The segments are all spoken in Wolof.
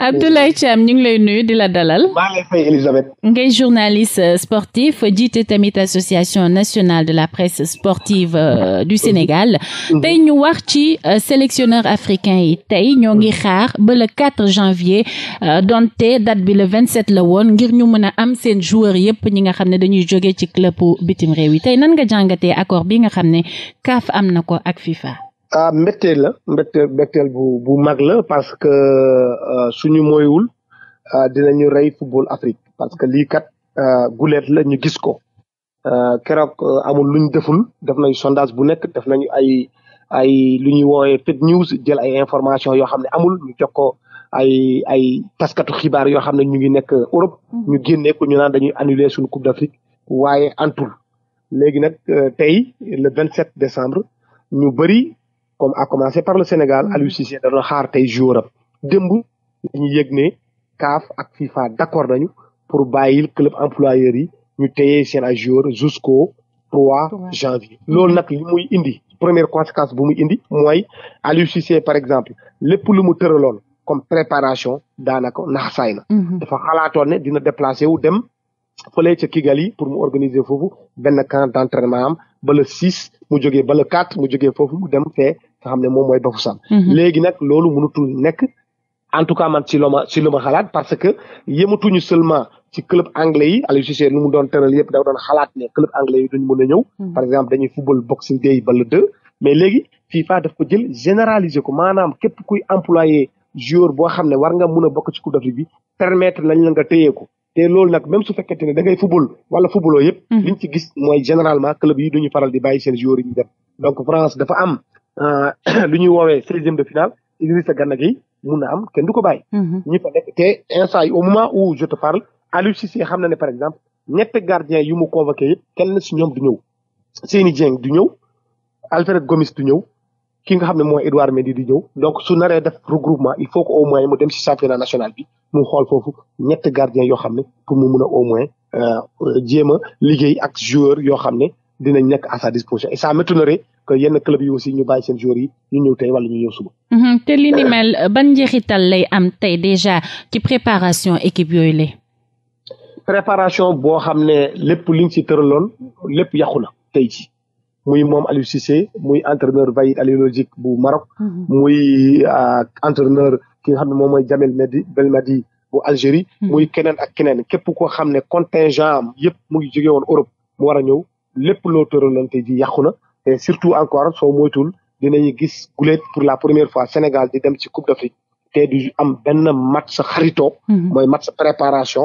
Abdoulaye Thiam ñu ngi lay nuyu di la dalal. ngay journaliste euh, sportif jiite tamit association nationale de la presse sportive euh, du mhm. Sénégal. Mhm. tey ñu wax ci euh, sélectionneur africain yi tey ñoo ngi xaar ba le 4 janvier donte date bi le 27 la woon ngir ñu mën a am seen joueur yépp ñi nga xam ne dañuy jóge ci club bitim réew yi tey nan nga jàngatee accord bi nga xam ne CAF am na ko ak FIFA. ah mbetteel la mbetteel mbetteel bu bu mag la parce que euh, suñu mooywul ah, ñu rey football Afrique parce que lii kat ah, guleet la ñu gis ko ah, keroog euh, amul luñ deful def nañu sondage bu nekk def nañu ay ay lu ñuy woowee fake news jël ay information yoo xam ne amul ñu jox ko ay ay taskatu xibaar yoo xam ne ñu ngi nekk Europe mm. ñu génnee ko ñu naan dañuy annuler suñu Coupe d'Afrique waaye antul léegi nag euh, tey le vingt sept décembre ñu bëri comme à commencer par le Sénégal mm-hmm. Aliou Cissé da doon xaar tey joueur am démb dañu yëg ne CAF ak FIFA d'accord nañu pour bàyyil club employeur yi ñu téye seen ay joueurs jusqu'au 3 janvier loolu nag li muy indi première conséquence bu muy indi mooy Aliou par exemple lépp lu mu tëraloon comme préparation daanaka nax saay na mm-hmm. dafa xalaatoon ne dina déplacé wu dem fële ca Kigali pour mu organiser foofu benn camp d'entraînement am ba le mu jógee ba le mu jógee foo mu dem nga xam ne moom mooy Bafoussam. Mhm. léegi nag loolu mënutul nekk en tout cas man ci loma ci lu ma xalaat parce que yëmatuñu seulement ci club anglais yi Aliou Cissé lu mu doon tëral yëpp dafa doon xalaat ne club anglais yi duñ mën a ñëw. Mhm. par exemple dañuy football boxing day ba le deux mais léegi ko jël généraliser ko maanaam képp kuy employé joueur boo xam ne war nga mun a bokk ci Coupe d'Afrique bi permettre lañ la nga téye ko. te loolu nag même su fekkente ne da ngay football wala footballoo yëpp. Mhm. liñ ci gis mooy généralement club yi duñu faral di bàyyi seen joueur yi ñu donc France Euh, lu ñuy woowee seizième de finale Idrissa Gana Gueye mun am kenn du ko bàyyi. Mhm. ñi fa nekk te instant yi au moment où je te parle Aliou Cissé xam na ne par exemple ñetti gardien yu mu convoqué yëpp kenn si ñoom du ñëw Seny Dieng du ñëw Alfred Gomis du ñëw ki nga xam ne mooy Edouard Mendy di ñëw donc su naree def regroupement il faut que au moins mu dem si championnat national bi mu xool foofu ñetti gardien yoo xam ne pour mu mun a au moins euh, euh, jéem a liggéey ak joueur yoo xam ne. dinañ nekk à sa disposition et ça m'étonnerait yenn club yi aussi ñu bàyyi seen joueurs yi ñu ñëw tey wala ñu ñëw suba. Mhm. te li ni mel ban njeexital lay am tey déjà ci préparation équipe yooyu la. préparation boo xam ne lépp liñ ci tëraloon lépp yàqu na tey ci muy moom Aliou Cissé muy entraîneur Vahid Halilhodžić bu Maroc. Mhm. muy euh, entreneur ki nga xam ne moom mooy Jamel Medi Belmadi bu Algérie. Mhm. muy keneen ak keneen képp koo xam ne contingent am yëpp mu ngi jóge woon Europe mu war a ñëw. lép loo tëraloon tey ji yàqu na te surtout encore soo moytul dinañu gis guleet pour la première fois Sénégal di dem ci Coupe d'Afrique te du am benn match sa xaritoo mhm. mooy match sa préparation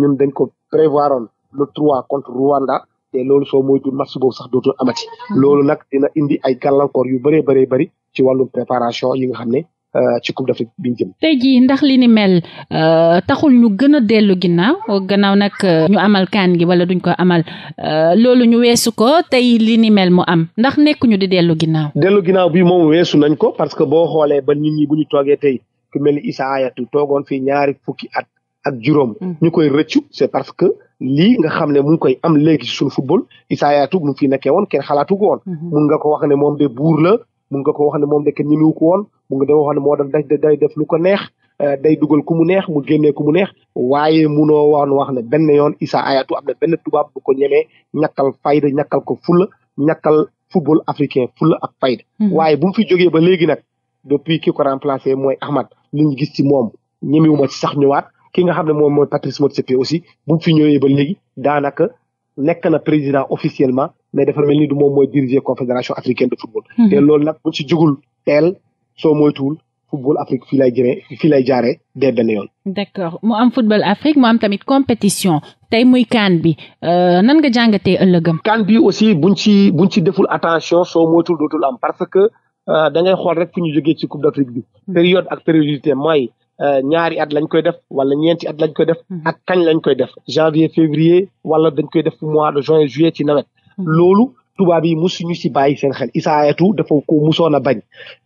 ñun dañ ko prévoiroon le trois contre Rwanda te loolu so moytul match boobu sax dootul amati mhm. loolu nag dina indi ay gàllankoor yu bëree bëree bëri ci wàllum préparation yi nga xam ne Euh, ci coupe d'Afrique bi ñu jëm. tey jii ndax li ni mel euh, taxul ñu gën a dellu ginnaaw gannaaw nag euh, ñu amal kaan gi wala duñ ko amal loolu ñu weesu ko tey li ni mel mu am ndax nekkuñu di dellu ginnaaw. dellu ginnaaw bi moom weesu nañ ko parce que boo xoolee ba nit ñi bu ñu toogee tey ku mel ni Issa Hayatou toogoon fii ñaari fukki at ak juróom. Mm. ñu koy rëccu c'est parce que. lii nga xam ne mu ngi koy am léegi suñu football Issa Hayatou mu fi nekkee woon kenn xalaatu ko mm-hmm. mun nga ko wax ne moom de buur la mun nga ko wax ne moom de kenn ñemewu ko woon mu moo doon day day def lu ko neex euh, day dugal ku mu neex mu génnee ku mu neex waaye munoo woon wax ne benn yoon Issa Hayatou am na benn tubaab bu ko ñemee ñàkkal fayda ñàkkal ko fula ñàkkal football africain fulla ak fayda hmm. waaye bu mu fi jógee ba léegi nag depuis ki ko remplacé mooy Ahmad li ñu gis ci moom ñemewuma ci sax ñëwaat ki nga xam ne moom mooy Patrice Motsepe aussi bu mu fi ñëwee ba léegi daanaka nekk na président officiellement mais defa mel ni du moom mooy diriger confédération africaine de football. Hmm. te loolu nag bu ci jugul teel soo moytuwul football Afrique fii lay jëree fii lay jaaree dee benn yoon. d'accord mu am football Afrique mu am tamit compétition tey muy kaan bi euh, nan nga jàngatee ëllëgam. kaan bi aussi buñ ci buñ ci deful attention soo moytuwul dootul am parce que euh, dangay xool rek fu ñu jógee ci coupe d'Afrique bi. Hmm. période ak périodicité mooy euh, ñaari at lañ koy def wala ñeenti at lañ koy def. Hmm. ak kañ lañ koy def janvier février wala dañ koy def mois de juin juillet ci nawet. Hmm. loolu. tubaab yi musuñu si bàyyi seen xel isaayatu dafa ko musoon a bañ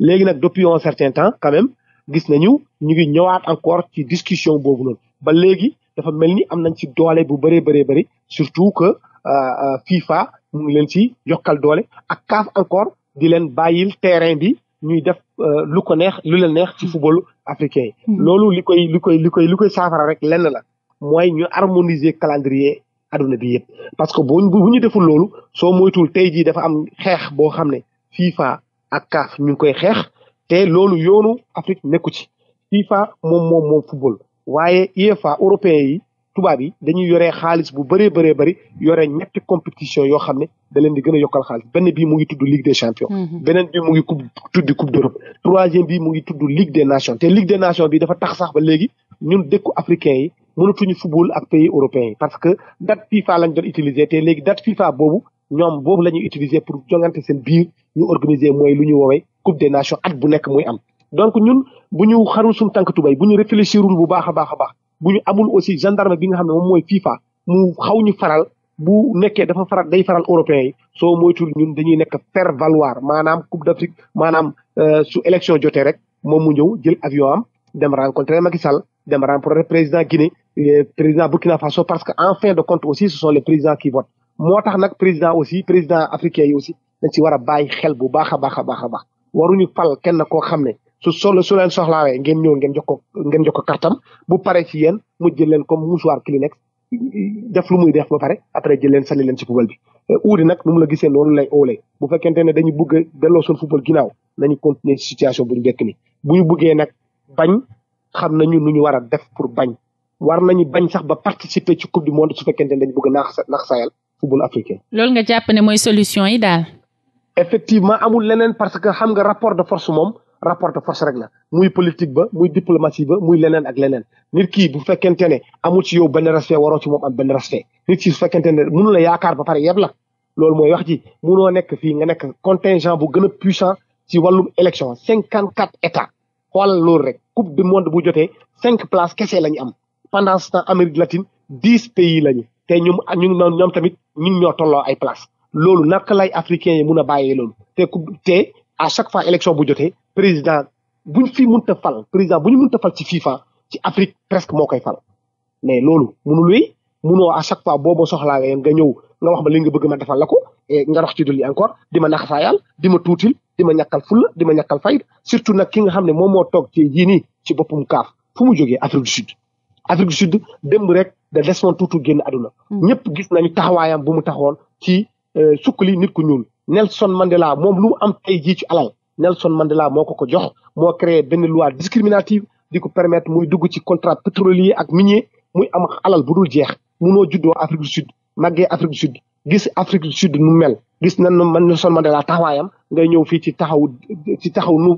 léegi nag depuis un certain temps quand gis nañu ñu ngi ñëwaat encore ci discussion boobu noonu ba léegi dafa mel ni am nañ ci doole bu bëree bëree bëri surtout que euh, euh, FIFA mu ngi leen ci yokkal doole ak CAF encore di leen bàyyil terrain bi ñuy def euh, lu ko neex lu leen neex ci football africain hmm. loolu li koy li koy li koy li koy saafara rek lenn la mooy ñu harmoniser calendrier aduna bi yëpp parce que bu bu ñu deful loolu soo moytuwul tey jii dafa am xeex boo xam ne FIFA ak CAF ñu koy xeex te loolu yoonu Afrique nekku ci FIFA moom moom moom football waaye UEFA européen yi tubaab yi dañuy yore xaalis bu bëree bari bëri yore ñetti compétition yoo xam ne da leen di gën a yokkal xaalis benn bii mu ngi tudd Ligue des champions. Mhm. beneen bi mu ngi coupe tudd coupe d'Europe. troisième bii mu ngi tudd Ligue des nations te Ligue des nations bi dafa tax sax ba léegi ñun dëkku africain yi mënatuñu football ak pays yi parce que date FIFA lañ doon utiliser te léegi date FIFA boobu ñoom boobu la ñuy utiliser pour jongante seen biir ñu organiser mooy lu ñu woowee coupe des nations at bu nekk muy am donc ñun bu ñu xarul suñu tànk tubay bu ñu réfléchirul bu baax a baax a baax bu ñu amul aussi gendarme bi nga xam ne moom mooy FIFA mu xaw ñu faral bu nekkee dafa faral day faral européens yi soo moytul ñun dañuy nekk faire valoir maanaam coupe d'Afrique maanaam euh, su jotee rek moom mu ñëw jël avion am dem rencontrer Macky Sall dem rencontrer président euh, moo tax nag président aussi président africain yi aussi dañ ci war a bàyyi xel bu baax a baax a baax waru ñu waruñu fal kenn koo xam ne su solo su leen soxlaawee ngeen ñëw ngeen jox ko ngeen jox ko kartam bu paree ci yéen mu jël leen comme mouchoir Kleenex def lu muy def ba pare après jël leen sali leen ci poubelle bi uudi nag nu mu la gisee noonu lay oolee bu fekkente ne dañu bëgg a delloo suñu football ginnaaw nañu continuer situation bu ñu ni bu ñu bëggee nag bañ xam nañu nu ñu war a def pour bañ war nañu bañ sax ba participer ci coupe du monde su fekkente ne dañu bëgg a naax naax football africain. loolu nga jàpp ne mooy solution yi daal. effectivement amul leneen parce que xam nga rapport de force moom rapport de force rek na muy politique ba muy diplomatie ba muy leneen ak leneen nit kii bu fekkente ne amul ci yow benn respect waroo ci moom am benn respect nit ki su fekkente ne mënu la yaakaar ba pare yeb la loolu mooy wax ji mënoo nekk fii nga nekk contingent bu gën a puissant ci wàllum élection cinquante quatre états xoolal loolu rek coupe du monde bu jotee cinq places kese la ñu am pendant ce temps Amérique latine dix la ñu te ñoom ñu ngi ñoom tamit ñun ñoo tolloo ay place loolu naka lay africain yi mun a bàyyee loolu te ku te à chaque fois élection bu jotee président buñ fi mun mënta fal président bu ñu mënta fal ci FIFA ci Afrique presque moo koy fal mais loolu mënul wéy munoo à chaque fois boobu ma soxlawee nga ñëw nga wax ma li nga bëgg ma defal la ko e nga dox ci dolli encore di ma naxasaayaal di ma tuutil di ma ñàkkal fulla di ma ñàkkal fayda surtout nag ki nga xam ne moom moo toog ci yii nii ci boppum kaaf fu mu jógee Afrique du Afrique du Sud démb rek da Desmond Tutu génn àdduna. Hmm. ñëpp gis nañu taxawaayam bu mu taxawoon ci euh, sukkali nit ku ñuul. Nelson Mandela moom lu mu am tey jii ci alal Nelson Mandela moo ko ko jox moo créé benn loi discriminative di ko permettre muy dugg ci contrat pétrolier ak minier muy am alal bu dul jeex munoo juddoo Afrique du Sud màggee Afrique du Sud gis Afrique du Sud nu mel gis nan man Nelson Mandela taxawaayam ngay ñëw fii ci taxaw ci taxaw nu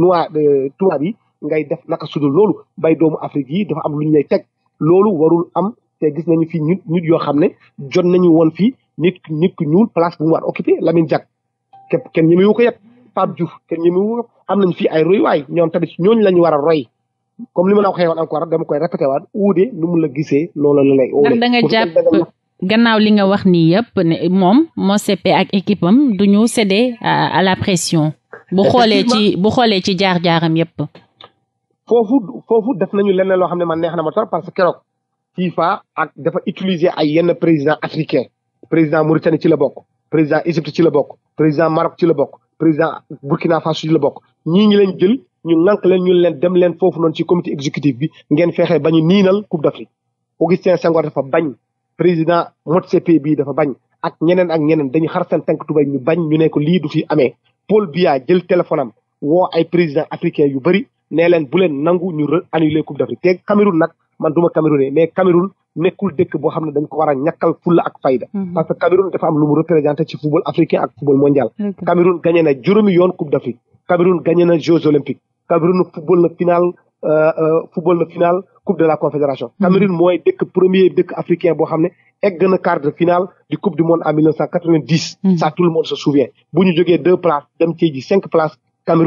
noa euh, tubaab yi. ngay def naka sudul loolu bay doomu Afrique yi dafa am lu ñu lay teg loolu warul am te gis nañu fi ñu nit yoo xam ne jot nañu woon fii nit nit ku ñuul place bu mu war occupé Lamine Diack képp kenn ñemewu ko yet Pape Diouf kenn ñemewu ko am nañ fii ay royuwaay ñoom tamit ñooñu la ñu war a roy comme li ma la waxee woon encore dama koy répété waat uude nu mu la gisee loolu la lay. ndax da nga jàpp gannaaw li nga wax nii yëpp ne moom MOCP ak équipe am du ñu cédé à la pression. bu xoolee ci bu xoolee ci jaar jaaram yëpp. foofu foofu def nañu leneen loo xam ne man neex na ma trop parce que keroog FIFA ak dafa utiliser ay yenn président africain président Mauritanie ci la bokk président Égypte ci la bokk président Maroc ci la bokk président Burkina Faso la bokk ñii ñi leen jël ñu nànk leen ñu leen dem leen foofu noonu ci comité exécutif bi ngeen fexe ba ñu niinal Coupe d'Afrique Augustin Senghor dafa bañ président Motsepe bii dafa bañ ak ñeneen ak ñeneen dañu xar seen tànk tubay ñu bañ ñu ne ko lii du fi amee Paul Biya jël téléphone woo ay président africain yu bëri nee leen bu leen nangu ñu annulé coupe d'Afrique te Cameroun nag man du ma Camerounais mais Cameroun nekkul dëkk boo xam ne dañ ko war a ñàkkal fulla ak fayda mhm. parce que Cameroun dafa am lu ci football africain ak football mondial Cameroun gagné na juróomi yoon coupe d'Afrique Cameroun gagné na Jeux olympiques Cameroun football na final euh, euh, football coupe de la confédération mhm. Cameroun mooy dëkk premier dëkk africain boo xam ne egg na quart final finale du coupe du monde en 1990 mhm. ça tout le monde ñu jógee deux places dem ci ji cinq places tax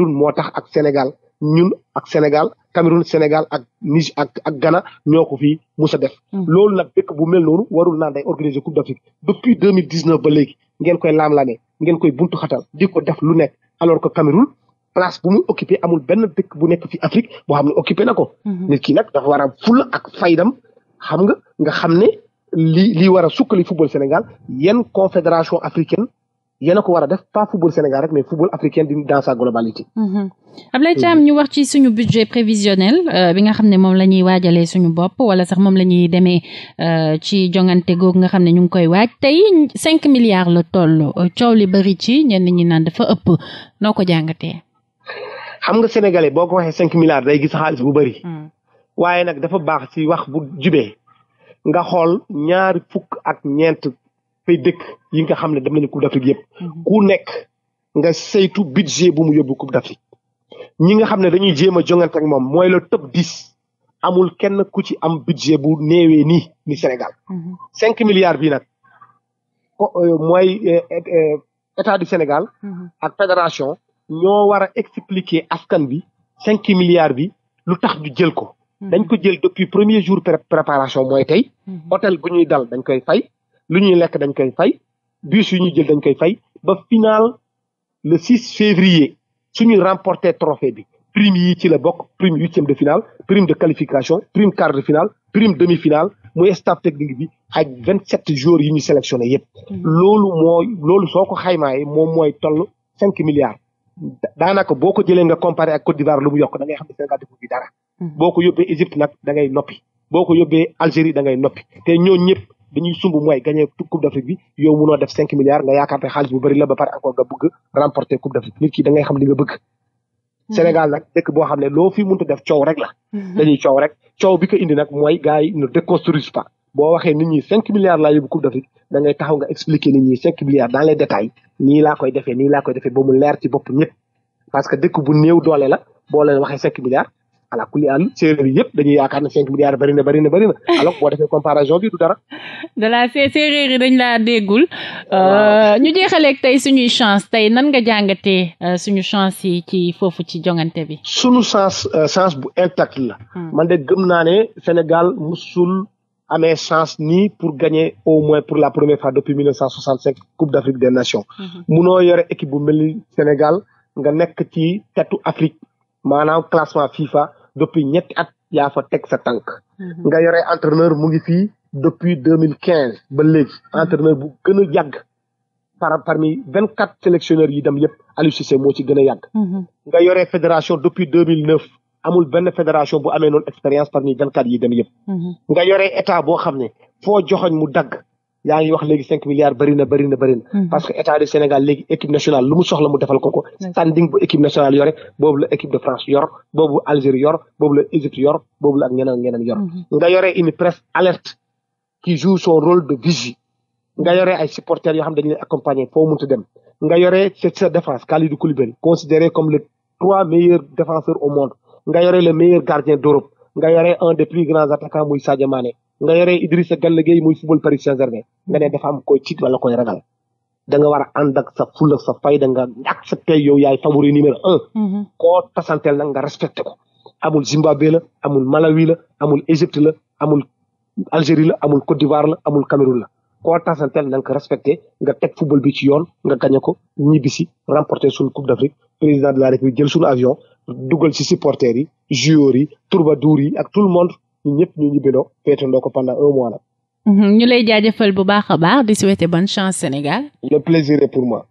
ak Sénégal ñun ak Sénégal Cameroun Sénégal ak Niger ak ak Ghana ñoo ko fi mus a def. Hmm. loolu nag bekk bu mel noonu warul naan day organiser Coupe d'Afrique depuis deux mille dix neuf ba léegi ngeen koy laam ngeen koy buntu xatal di ko def lu nekk alors que Cameroun. place bu muy occupé amul benn dëkk bu nekk fi Afrique boo xam ne occupé na ko. Hmm. nit ki nag dafa war a fulla ak faydam xam nga nga xam ne li li war a sukkali football Sénégal yenn confédération africaine yéen a ko war a def pas football Sénégal rek mais football africain bi dans sa globalité. Mhm. Abdoulaye mhm. Thiam ñu wax ci suñu budget prévisionnel euh, bi nga xam ne moom la ñuy waajalee suñu bopp wala sax moom la ñuy demee euh, ci jongante googu nga xam ne ñu ngi koy waaj tey cinq milliards la toll coow li bari ci ñenn ñi naan dafa ëpp noo ko jàngatee. xam nga sénégalais boo ko waxee cinq milliards day gis xaalis bu bari hmm. waaye nag dafa baax ci wax bu jubee nga xool ñaari fukk ak ñeent fay dëkk yi nga xam ne dem nañu Coupe d'Afrique yëpp mhm. ku nekk nga saytu budget bu mu yóbbu Coupe d'Afrique ñi nga xam ne dañuy jéem a jongante moom mooy le top dix amul kenn ku ci am budget bu néewee nii ni Sénégal mhm. cinq milliards bi nag euh, mooy euh, euh, état du Sénégal mhm. ak fédération ñoo war a expliquer askan bi cinq milliards bi lu tax ñu jël ko dañ ko jël depuis premier jour préparation mooy tey hôtel gu dal dañ koy fay lu ñuy lekk dañ koy fay bus yu ñuy jël dañ koy fay ba final le 6 février suñuy remporté trophée bi prime yi ci la bokk prime huitième de finale prime de qualification prime quart de finale prime demi finale muy staff technique bi ak vingt sept joueurs yi ñu sélectionné yëpp hmm. loolu mooy loolu soo ko xayma yi moom mooy toll cinq milliards daanaka boo ko jëlee nga comparé ak Côte d'Ivoire lu yokk da ngay xam ne Sénégal defu bi dara hmm. boo ko yóbbee Égypte nag da noppi boo ko yóbbee Algérie da ngay noppi te ñëpp dañuy sumb mooy gagné coupe d'Afrique bi yow munoo def cinq milliards nga yaakaar te xaalis bu bëri la ba pare encore nga bëgg remporter coupe d'Afrique nit ki da ngay xam li nga bëgg hmm. Sénégal nag dëkk boo xam ne loo fi mënta def coow rek la hmm. dañuy coow rek coow bi ko indi nag mooy gars yi ne déconstruisent pas boo waxee nit ñi cinq milliards laa yóbbu coupe d'Afrique da ngay taxaw nga expliquer nit ñi cinq milliards dans les détails nii laa koy defee nii laa koy defee ba leer ci bopp ñëpp parce que dëkk bu néew doole la boo leen waxee cinq milliards ala kulli àll séeréer yi yëpp dañuy yaakaar ne cinq milliards bari na bari na bari na alors boo defee bi du dara. de la séeréer yi dañ laa déggul. Euh, ñu jeexaleeg tey suñuy chance tey nan nga jàngatee euh, suñu chance yi ci foofu ci jongante bi. suñu chance euh, chance bu intact la. Hmm. man de gëm naa ne Sénégal musul amee chance ni pour gagner au moins pour la première fois depuis mille neuf cent soixante cinq Coupe d'Afrique des Nations. Hmm. munoo yore équipe depuis ñetti at yaa fa teg sa tànk. Mhm. nga yore entraîneur mu ngi fi depuis deux mille quinze ba léegi mhm. entraîneur bu gën a par parmi vingt quatre sélectionneurs yi dem yëpp Aliou Cissé moo ci gën a yàgg. Mhm. nga yore fédération depuis deux mille neuf amul benn fédération bu amee noonu expérience parmi vingt quatre yi dem yëpp. nga yore état boo xam ne foo joxoñ mu dagg. yaa ngi wax léegi cinq milliards bëri na bëri na bëri na mm-hmm. parce que état du Sénégal léegi équipe nationale lu mu soxla mu defal ko standing bu équipe nationale yore boobu la équipe de France yor boobu Algérie yor boobu la Égypte yor boobu la ak ñeneen yor mm-hmm. nga yore une presse alerte qui joue son rôle de vigie nga yore ay supporters yoo xam dañu leen accompagner foo mënta dem nga yore sa défense Kalidou Koulibaly considéré comme le trois meilleurs défenseurs nga yore le meilleur gardien d'Europe nga yore un des nga yore Idrissa Gana Gueye muy football Paris Saint-Germain nga ne dafa am koy tiit wala koy ragal da nga war a ànd ak sa fulla sa fayda nga accepté yow yaay favori numéro un. Mm-hmm. koo tasanteel nag nga respecté ko. amul Zimbabwe la amul Malawi la amul Égypte la amul Algérie la amul Côte d'Ivoire la amul Cameroun la koo tasanteel na nga ko nga teg football bi ci yoon nga gagné ko ñibbisi remporté suñu Coupe d'Afrique président de la République jël suñu avion dugal ci supporters yi joueurs yi troubadours yi ak tout le monde. ñun ñëpp ñu ñibbindoo feetandoo ko pendant un mois nag mhm, ñu lay jaajëfal bu baax a baax di souhaiter bonne chance Sénégal le plaisir pour moi